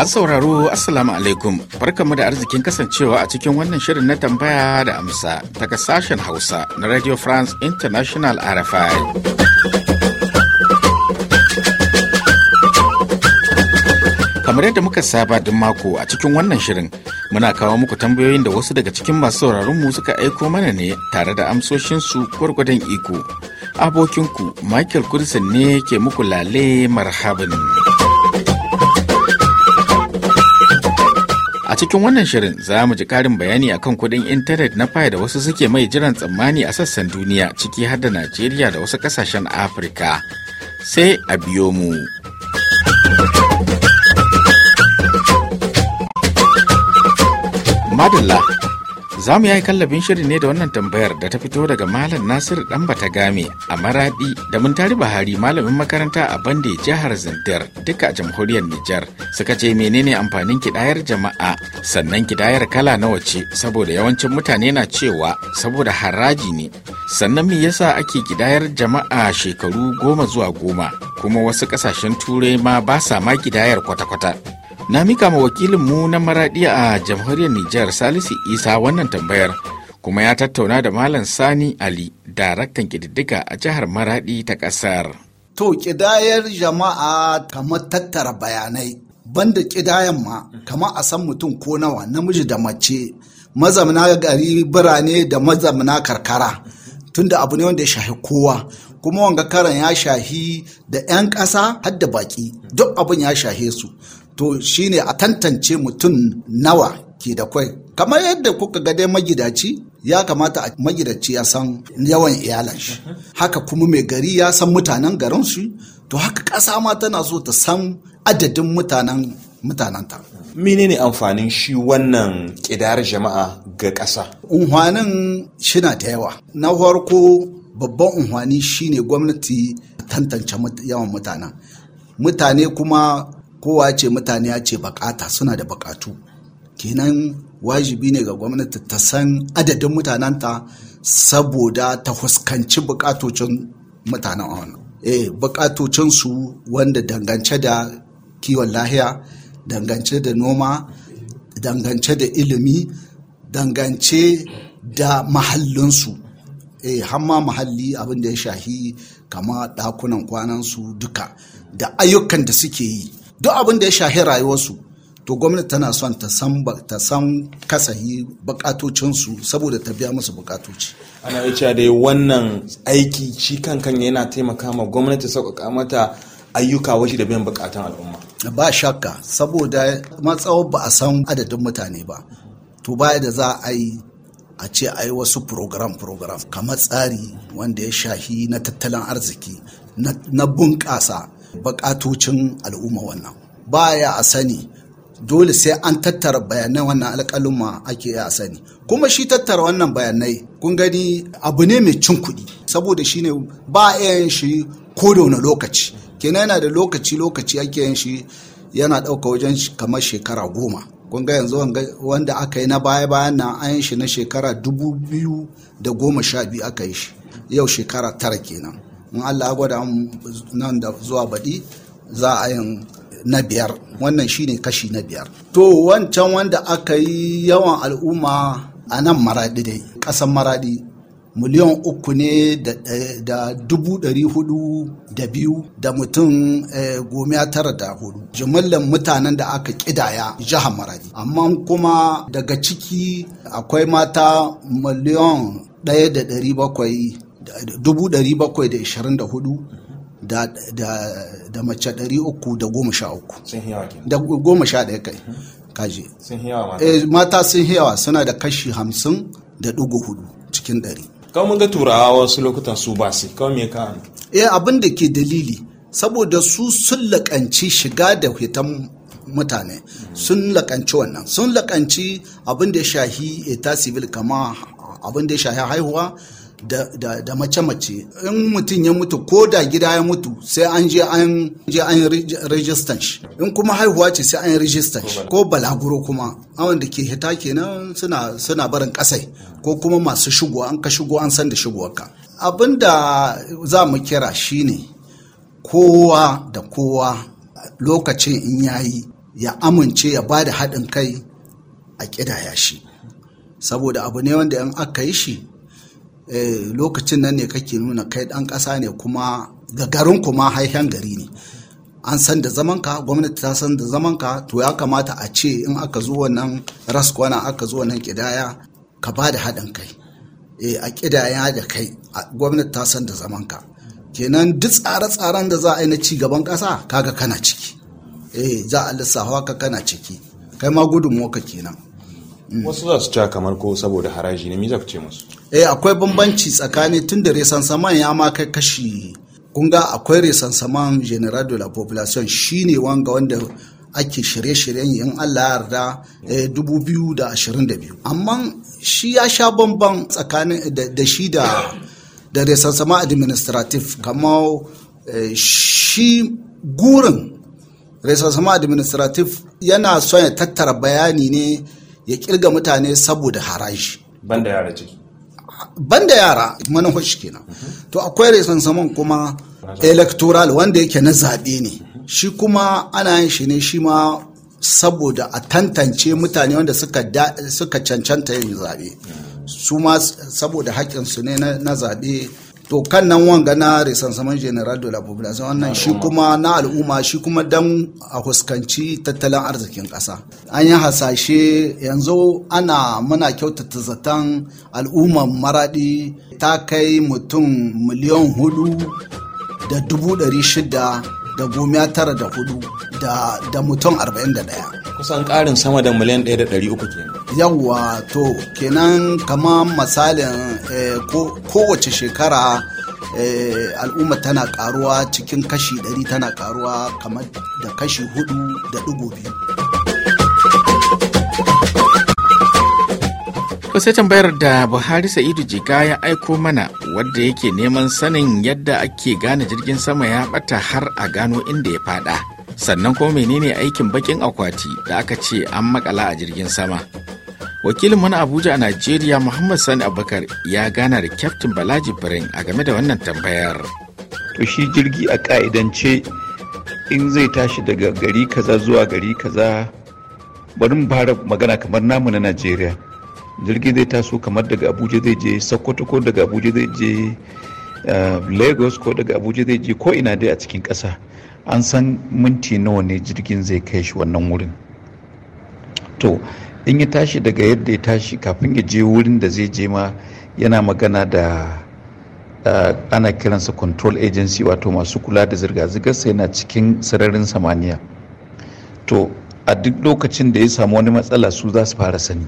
Masu sauraro Assalamu alaikum barkamu da arzikin kasancewa a cikin wannan shirin na tambaya da amsa daga sashen Hausa na Radio France International RFI. Kamar yadda muka saba duk mako a cikin wannan shirin muna kawo muku tambayoyin da wasu daga cikin masu mu suka aiko mana ne tare da amsoshinsu gwargwadon iko. Abokinku Michael Kudisin ne ke muku lale marhabin. cikin wannan shirin za mu ji karin bayani akan kuɗin intanet na faya da wasu suke mai jiran tsammani a sassan duniya ciki har da Najeriya da wasu ƙasashen Afirka. Sai a biyo mu. Madalla Za mu yi kallabin shirin ne da wannan tambayar da ta fito daga Malam Nasiru Ɗanbata Game a Maraɗi da Muntari Buhari malamin makaranta a Bande jihar Zindar duka a jamhuriyar Nijar suka ce menene amfanin kidayar jama'a sannan kidayar kala nawa ce saboda yawancin mutane na cewa saboda haraji ne sannan me yasa ake kidayar jama'a shekaru goma zuwa goma kuma wasu ƙasashen turai ma ba sa ma kidayar kwata-kwata. na mika ma wakilin mu na maradi a jamhuriyar Nijar Salisu Isa wannan tambayar kuma ya tattauna da Malam Sani Ali daraktan kididdiga a jihar Maradi ta ƙasar. To ƙidayar jama'a kamar tattara bayanai banda ƙidayan ma kamar a san mutum ko nawa namiji da mace mazamna gari birane da mazamna karkara tunda abu ne wanda ya shahi kowa kuma wanga karan ya shahi da 'yan ƙasa har da baki duk abin ya shahe su to shine a tantance mutum nawa ke da kwai kamar yadda kuka ga dai magidaci ya kamata a magidaci ya san yawan iyalan shi haka kuma mai gari ya san mutanen garin su. to haka ƙasa ma tana so ta san adadin mutanen mutanenta menene amfanin shi wannan ƙidar jama'a ga ƙasa unhwanin shina da yawa na farko babban unhwani shine gwamnati tantance yawan mutanen mutane kuma kowa ce mutane ya ce bukata suna da buƙatu. kenan wajibi ne ga gwamnati ta san adadin mutanenta saboda ta fuskanci bukatocin mutanen wannan eh bukatocinsu wanda dangance da kiwon lahiya dangance da noma dangance da ilimi dangance da mahallinsu e eh, hamma mahalli abin da ya shahi kama dakunan kwanansu duka da ayyukan da suke yi duk abin da ya shahi rayuwarsu to gwamnati tana son ta san ta san kasahi bukatocinsu saboda ta biya musu bukatoci ana iya da wannan aiki shi kankan yana taimaka ma gwamnati sauƙaƙa mata ayyuka wasu da biyan bukatan al'umma ba shakka saboda matsawar ba a san adadin mutane ba to baya da za a yi a ce a yi wasu program-program kamar tsari wanda ya shahi na tattalin arziki na bunƙasa bakatocin al'umma wannan baya a sani dole sai an tattara bayanai wannan alkaluma ake a sani kuma shi tattara wannan bayanai kun gani abu ne mai cin kuɗi saboda shi ne ba a shi ko da wani lokaci kenan yana da lokaci lokaci ake yin shi yana ɗauka wajen kamar shekara goma kun ga yanzu wanda aka yi na baya bayan na an yi shi na shekara dubu biyu da goma sha biyu aka yi shi yau shekara tara kenan in Allah ya gwada nan da zuwa baɗi za a yin na biyar wannan shine kashi na biyar to wancan wanda aka yi yawan al'umma a nan maraɗi dai ƙasan maraɗi miliyan uku ne da eh, dubu ɗari hudu da biyu da mutum eh, gomiya tara da hudu jimillar mutanen da aka ƙidaya jihar maradi amma kuma daga ciki akwai mata miliyan ɗaya da ɗari bakwai ɗari da da mace sha uku da goma sha ɗaya kai mhm. kaji eh, mata sun yawa suna da kashi hamsin da ɗugu hudu cikin ɗari kawai mun ga turawa wasu lokutan su ba su kawai me ka eh abin da ke dalili saboda su sun laƙanci shiga da hitan mutane sun laƙanci wannan sun laƙanci abin da ya shahi ita civil kama abin da ya shahi haihuwa da mace-mace in mutum ya mutu ko da gida ya mutu sai an je an je an rijistan shi in kuma haihuwa ce sai an rijistan shi ko balaguro kuma da ke hita kenan suna suna barin kasai ko kuma masu shigo an ka shigo an san da shigowarka abin da za mu kira shine kowa da kowa lokacin in yayi ya amince ya bada haɗin kai a ƙidaya shi saboda abu ne wanda in aka yi shi Eh, lokacin nan ne kake nuna kai ɗan ƙasa ne kuma ga garin kuma haihen gari ne an san da zamanka gwamnati ta san da zamanka to ya kamata a ce in aka zo wannan raskwana aka zo wannan kidaya ka ba da haɗin kai eh, a kidaya da kai gwamnati ta san da zamanka kenan duk tsare-tsaren da za a yi na ci gaban ƙasa kaga kana ciki eh za a lissafa ka kana ciki kai ma ka kenan mm. wasu za su ca kamar ko saboda haraji ne me za ku ce musu eh akwai bambanci tsakanin tun da saman ya ma kai kashi ga akwai saman general de la population shine wanga wanda ake shirye-shiryen yin Allah yarda 2022 eh, amma shi ya sha bamban tsakanin da shi da da resansama administrative kamar eh, shi gurin resansama administrative yana son ya tattara bayani ne ya kirga mutane saboda haraji banda yara ciki banda yara manhaji kenan to akwai saman kuma electoral wanda yake na zaɓe ne shi kuma ana yin shi ne shi ma saboda a tantance mutane wanda suka cancanta yin zaɓe su ma saboda haƙƙinsu ne na zaɓe to kan nan wanga na resansaman general de la population wannan shi kuma na al'umma shi kuma dan a fuskanci tattalin arzikin ƙasa an yi hasashe yanzu ana muna kyautata zaton al'umman maradi ta kai mutum miliyan hudu da dubu ɗari shida da goma tara da hudu da mutum arba'in da ɗaya kusan karin sama da miliyan 1.300 kenan yawwa to kenan kama misalin eh, kowace shekara eh, al'umma tana karuwa cikin kashi 100 tana karuwa kamar da kashi hudu da digo biyu sai tambayar da buhari sa'idu jiga ya aiko mana wadda yake neman sanin yadda ake gane jirgin sama ya bata har a gano inda ya fada sannan kuma menene aikin bakin akwati da aka ce an makala a jirgin sama wakilin mana abuja a najeriya muhammad sani abubakar ya gana da kyaftin balaji birin a game da wannan tambayar to shi jirgi a ka'idance in zai tashi daga gari kaza zuwa gari kaza bari mu fara magana kamar namu na najeriya jirgi zai taso kamar daga abuja zai je sokoto ko daga abuja zai je eh, lagos ko daga abuja zai je ko ina dai a cikin ƙasa an san minti nawa ne jirgin zai kai shi wannan wurin to in ya tashi daga yadda ya tashi kafin ya je wurin da zai je ma yana magana da ana kiransa control agency wato masu kula da zirga zirgar sai yana cikin sararin samaniya to a duk lokacin da ya samu wani matsala su za su fara sani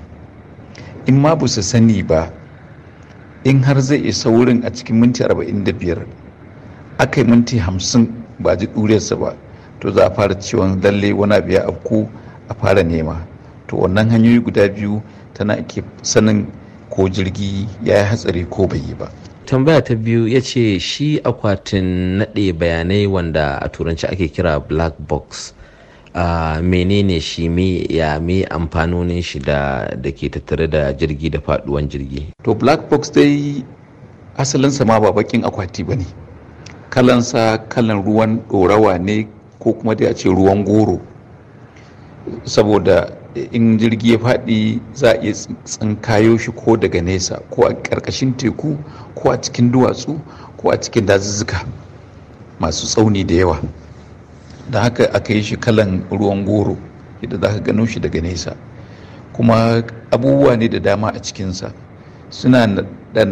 in ma su sani ba in har zai isa wurin a cikin minti 45 aka yi minti 50 ba ji ɗuriyarsa ba to za a fara ciwon lalle wani abu ya afku a fara nema to wannan hanyoyi guda biyu tana ake sanin ko jirgi ya yi hatsari ko bai yi ba tambaya ta biyu ya ce shi akwatin naɗe bayanai wanda a turanci ake kira black box menene shi me ya me amfanonin shi da da ke tattare da jirgi da faduwan jirgi to black box dai asalinsa ma ba bakin akwati ba ne kalansa kalan ruwan ɗorawa ne ko kuma dai a ce ruwan goro saboda in jirgi ya faɗi za a iya tsinkayo shi ko daga nesa ko a ƙarƙashin teku ko a cikin duwatsu ko a cikin dazuzzuka masu tsauni da yawa da haka aka yi shi kalan ruwan goro yadda za ka gano shi daga nesa kuma abubuwa ne da dama a cikinsa suna da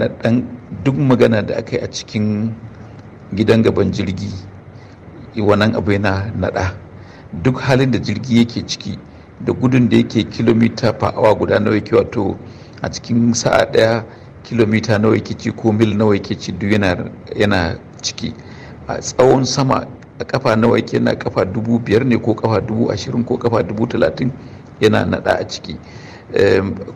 duk magana da aka yi a cikin gidan gaban jirgi wannan abu yana naɗa duk halin da jirgi yake ciki da gudun da yake kilomita fa awa guda nawa yake wato a cikin sa'a daya kilomita nawa yake ci ko mil nawa yake ci duk yana ciki a tsawon sama a kafa nawa yake na kafa dubu biyar ne ko kafa dubu ashirin ko kafa dubu talatin yana naɗa a ciki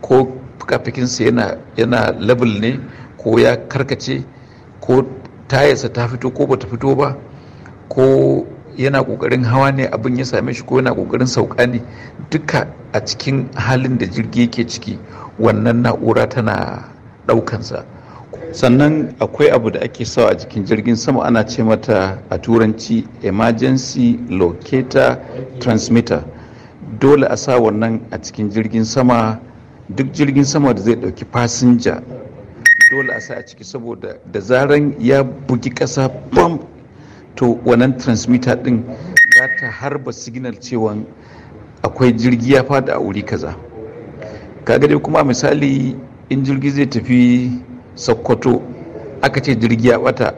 ko fikafikinsa yana level ne ko ya karkace ko tayarsa ta fito ko bata fito ba ko yana kokarin hawa ne abin ya same shi ko yana kokarin sauka ne duka a cikin halin da jirgi yake ciki wannan na'ura tana daukansa sannan akwai abu da ake sawa a jikin jirgin sama ana ce mata a turanci emergency locator transmitter dole a sa wannan a cikin jirgin sama duk jirgin sama da zai dauki fasinja dole a sa a ciki saboda da zaran ya bugi ƙasa bam to wannan transmitter din za ta harba signal cewa akwai jirgi ya fada a wuri kaza kaga dai kuma misali in jirgi zai tafi sokoto aka ce jirgi ya bata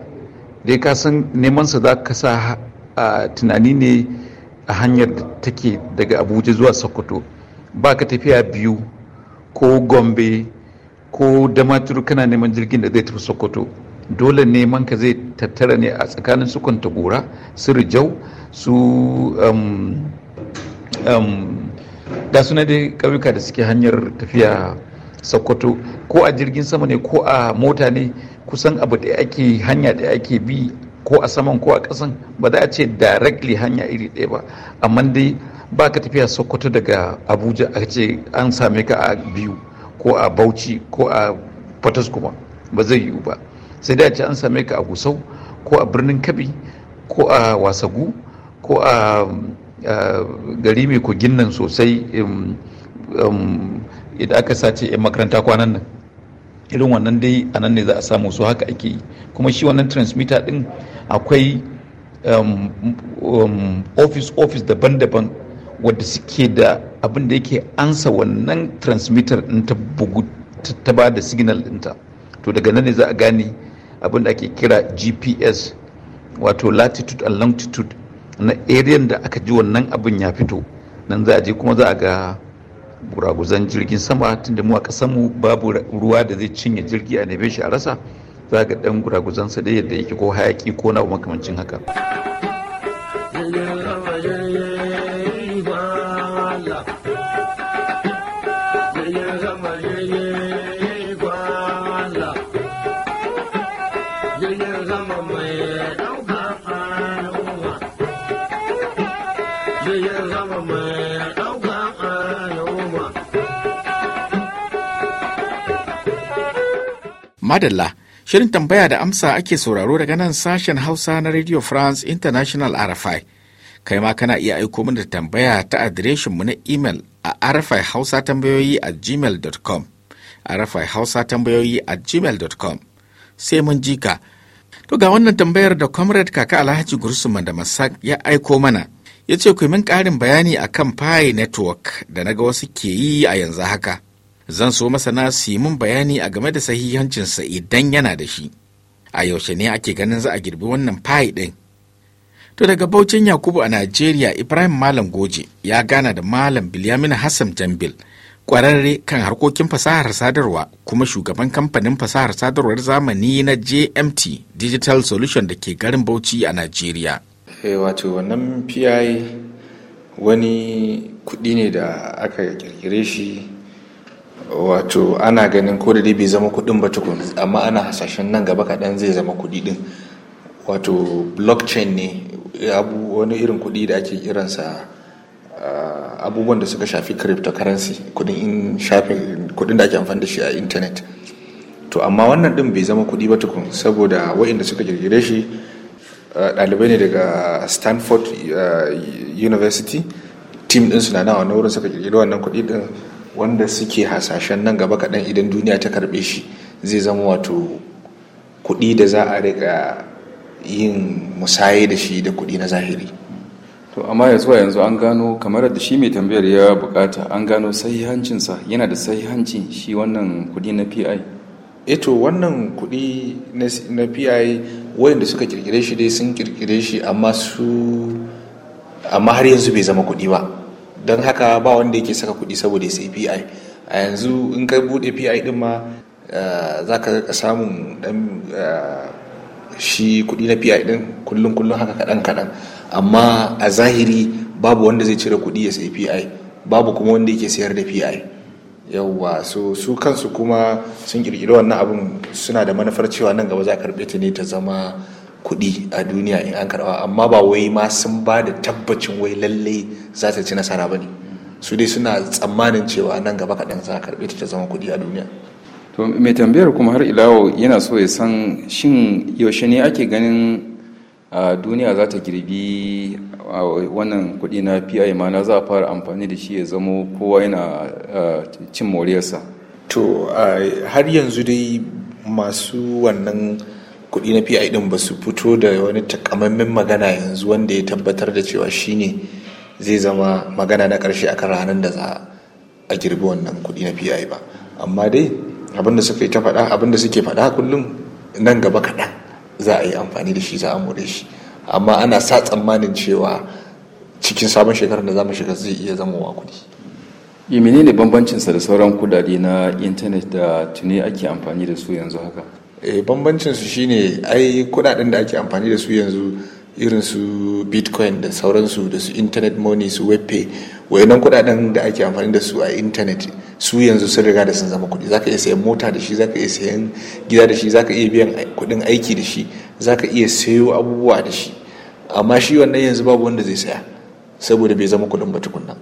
dai ka san nemansa za ka sa a tunani ne a hanyar da take daga abuja zuwa sokoto ba ka tafiya biyu ko gombe ko damaturu kana neman jirgin da zai tafi sokoto dole neman ka zai tattara ne a tsakanin su kwantagora su rijau su da um, um, suna dai ƙauyuka da suke hanyar tafiya sokoto ko a jirgin sama ne ko a mota ne kusan abu da ake hanya da ake bi ko a saman ko a ƙasan ba za a ce directly hanya iri ɗaya ba amma dai ba ka tafiya sokoto daga abuja a ce an same ka a biyu ko a bauchi ko a kuma ba zai yiwu ba sai da ce an same ka a gusau ko a birnin kabi ko a wasagu ko a gari mai kogin nan sosai um, um, idan aka sace 'yan makaranta kwanan nan irin wannan dai a nan ne za a samu su haka ake yi kuma shi wannan transmitter din akwai um, ofis ofis daban-daban wadda suke da abin da yake ansa wannan transmitter ɗin ta bugu ta ba da signal ɗinta to daga nan ne za a gane abin da ake kira gps wato latitude and longitude na area da aka ji wannan abin ya fito nan za a je kuma za a ga buraguzan jirgin sama tunda mu a kasanmu babu ruwa da zai cinye jirgi a nebe shi a rasa za ga dan sa da yadda yake ko hayaki ko na makamancin haka. Madalla, shirin tambaya da amsa ake sauraro daga nan sashen Hausa na Radio France International RFI. Kai ma kana iya aiko mana tambaya ta mu na imel a RFI Hausa tambayoyi a gmail.com. RFI Hausa tambayoyi a gmail.com. Sai mun ka. To ga wannan tambayar da Comrade Kaka Alhaji gursuman da Masak ya aiko mana. Ya ce min ƙarin bayani akan Pi Network da naga wasu ke yi a yanzu haka. zan so masana su yi mun bayani a game da sahihancinsa idan yana da shi a yaushe ne ake ganin za a girbi wannan fayi ɗin to daga Bauchin yakubu a najeriya ibrahim malam goje ya gana da malam bilyamin hassan jambil kwararre kan harkokin fasahar sadarwa kuma shugaban kamfanin fasahar sadarwar zamani na jmt digital solution da ke garin bauchi a najeriya eh, wato wannan pi wani kuɗi ne da aka kirkire shi wato ana ganin ko da dai bai zama kudin ba tukun amma ana hasashen nan gaba kaɗan zai zama kudi din wato blockchain ne abu wani irin kudi da ake kiransa ah, abubuwan da suka shafi cryptocurrency kudin kudin da ake amfani da shi a internet to amma wannan din bai zama kudi ba tukun saboda waɗanda suka kirkire shi ah, ɗalibai ne daga stanford ah, university team ɗin na nawa na wurin suka kirkiri wannan kudi din wanda suke hasashen nan gaba kaɗan idan duniya ta karɓe shi zai zama wato kuɗi da za a riƙa yin musaye da shi da kuɗi na zahiri to amma ya zuwa yanzu an gano kamar da shi mai tambayar ya bukata an gano sahihancinsa yana da sahihancin shi wannan kuɗi na pi eto eh wannan kuɗi na pi wayanda suka kirkire shi dai sun kirkire shi amma su amma har yanzu bai zama kuɗi ba don haka ba wanda yake saka kuɗi saboda sai pi a yanzu in ka buɗe pi ɗin ma eh, za ka samu ɗan eh, shi kuɗi na pi ɗin kullum kullum haka kaɗan kaɗan amma a zahiri babu wanda zai cire kuɗi ya sai pi babu kuma wanda yake sayar da pi yauwa so su kansu kuma sun kirkiri wannan abin suna da manufar cewa nan gaba za a karɓe ta ne ta zama kuɗi a duniya in an karɓa amma ba wai ma sun ba da tabbacin wai lallai za ta ci nasara ba ne su dai suna tsammanin cewa nan gaba kaɗan za a karɓe ta zama kuɗi a duniya to mai tambayar kuma har ilawo yana so ya san shin yaushe ne ake ganin duniya za ta girbi wannan kuɗi na pi mana za a fara amfani da shi ya zamo kowa yana cin moriyarsa to har yanzu dai masu wannan kuɗi na pi din ba su fito da wani takamaiman magana yanzu wanda ya tabbatar da cewa shi ne zai zama magana na ƙarshe akan ranar da za a girbi wannan kuɗi na pi ba amma dai da suka yi ta faɗa abin da suke faɗa kullum nan gaba kaɗan za a yi amfani da shi za a more shi amma ana sa tsammanin cewa cikin sabon shekarar da za mu shiga zai iya zama wa kuɗi yi menene bambancinsa da sauran kudade na intanet da tuni ake amfani da su yanzu haka Eh, bambancin su shine ai kudaden da ake amfani da su yanzu irin su bitcoin da sauransu da su internet money su webpay wayannan kudaden da ake amfani da su a internet su yanzu sun riga da sun zama kuɗi zaka iya sayan mota da shi zaka iya sayan gida da shi zaka iya biyan kuɗin aiki da shi zaka iya sayo abubuwa da shi amma shi wannan yanzu babu wanda zai saya saboda bai zama kuɗin ba tukunna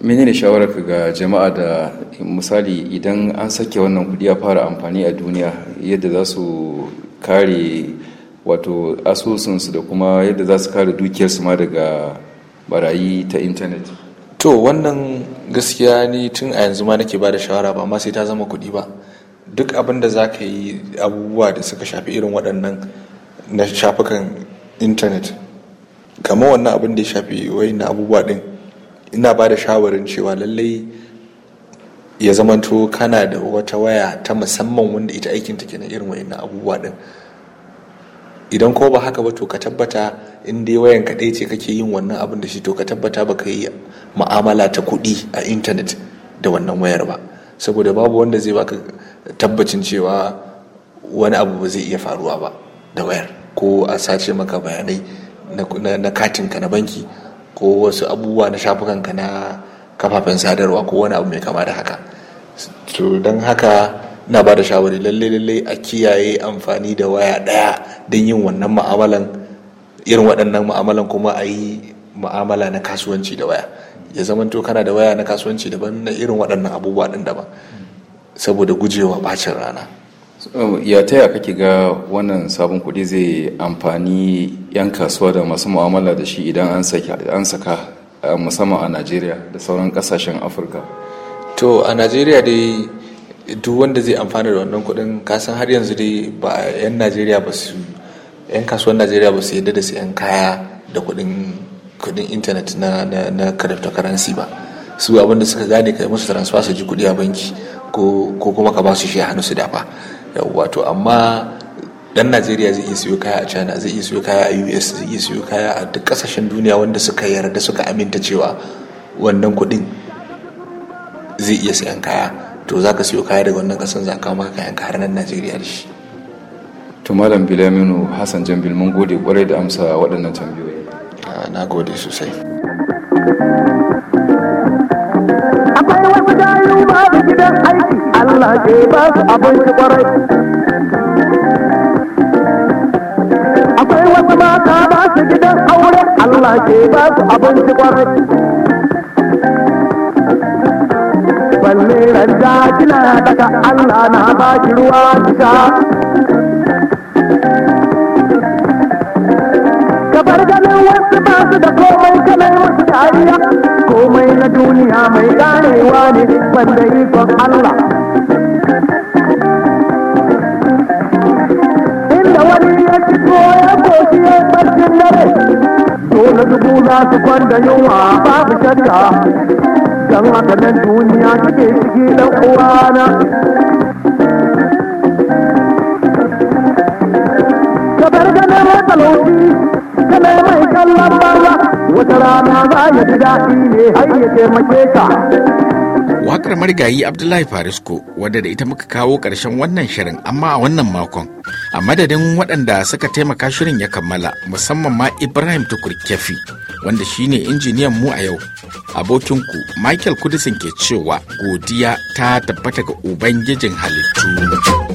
menene shawararka ga jama'a da misali idan an sake wannan kudi a fara amfani a duniya yadda za su kare wato asusunsu da kuma yadda za su kare dukiyarsu ma daga barayi ta intanet to wannan gaskiya ni tun a yanzu ma nake ba da shawara ba amma sai ta zama kudi ba duk abin da za ka yi abubuwa da suka shafi irin waɗannan na shafukan intanet kamar wannan abin da ya shafi wayan abubuwa ɗin ina ba da shawarin cewa lallai ya zamanto kana da wata waya ta musamman wanda ita aikin ta na irin wani abubuwa din idan ko ba haka ba to ka tabbata in dai wayan ka ce kake yin wannan abin da shi to ka tabbata ba ka yi ma'amala ta kuɗi a intanet da wannan wayar ba saboda babu wanda zai baka tabbacin cewa wani abu ba zai iya faruwa ba da wayar ko a sace maka bayanai na katinka na banki ko wasu abubuwa na shafukanka na kafafen sadarwa ko wani abu mai kama da haka to don haka na ba da shawari lalle lalle a kiyaye amfani da waya ɗaya don yin wannan ma'amalan irin waɗannan ma'amalan kuma a yi ma'amala na kasuwanci da waya ya zamanto kana da waya na kasuwanci daban na irin waɗannan abubuwa ɗin daban saboda gujewa bacin rana Um, ya taya kake ga wannan sabon kuɗi zai amfani 'yan kasuwa da masu mu'amala da shi idan an saka uh, musamman a najeriya da sauran kasashen afirka to a najeriya dai duk wanda zai amfana da wannan kuɗin kasan har yanzu dai ba 'yan najeriya ba su 'yan kasuwar najeriya ba su yadda da su 'yan kaya da kuɗin intanet na cryptocurrency ba su abinda suka gane kai musu transfer su ji kuɗi a banki ko kuma ka ba su shi a hannu su dafa wato amma dan najeriya zai iya siyo kaya a china zai iya siyo kaya a us zai iya siyo kaya a duk kasashen duniya wanda suka yarda suka aminta cewa wannan kudin zai iya siyan kaya to za ka siyo kaya daga wannan kasan za ka maka kayan har nan najeriya da shi to malam bilaminu hassan jambil mun gode kwarai da amsa waɗannan tambayoyi na gode sosai akwai wasu gidan aiki Allah ke ba su abinci kwarai. Akwai wasu mata ba su gidan aure Allah ke ba su abinci kwarai. Balle ranta kina daga Allah na ba ki ruwa kisa. Kabar ganin wasu ba su da komai musu dariya komai na duniya mai ganewa ne banda ikon Allah inda wani ya ci ya koshi ya barcin dare dole dubu za su kwanda yunwa babu shakka don haka nan duniya kike ciki dan uwana ka bar ganin matalauci kana mai kallon ba waƙar Wakar marigayi Abdullahi Farisko wadda da ita muka kawo ƙarshen wannan shirin amma a wannan makon. A madadin waɗanda suka taimaka shirin ya kammala musamman ma Ibrahim Tukur Kefi wanda shine injiniyan mu a yau. Abokinku Michael Kudisin ke cewa godiya ta tabbata ga Ubangijin halittu.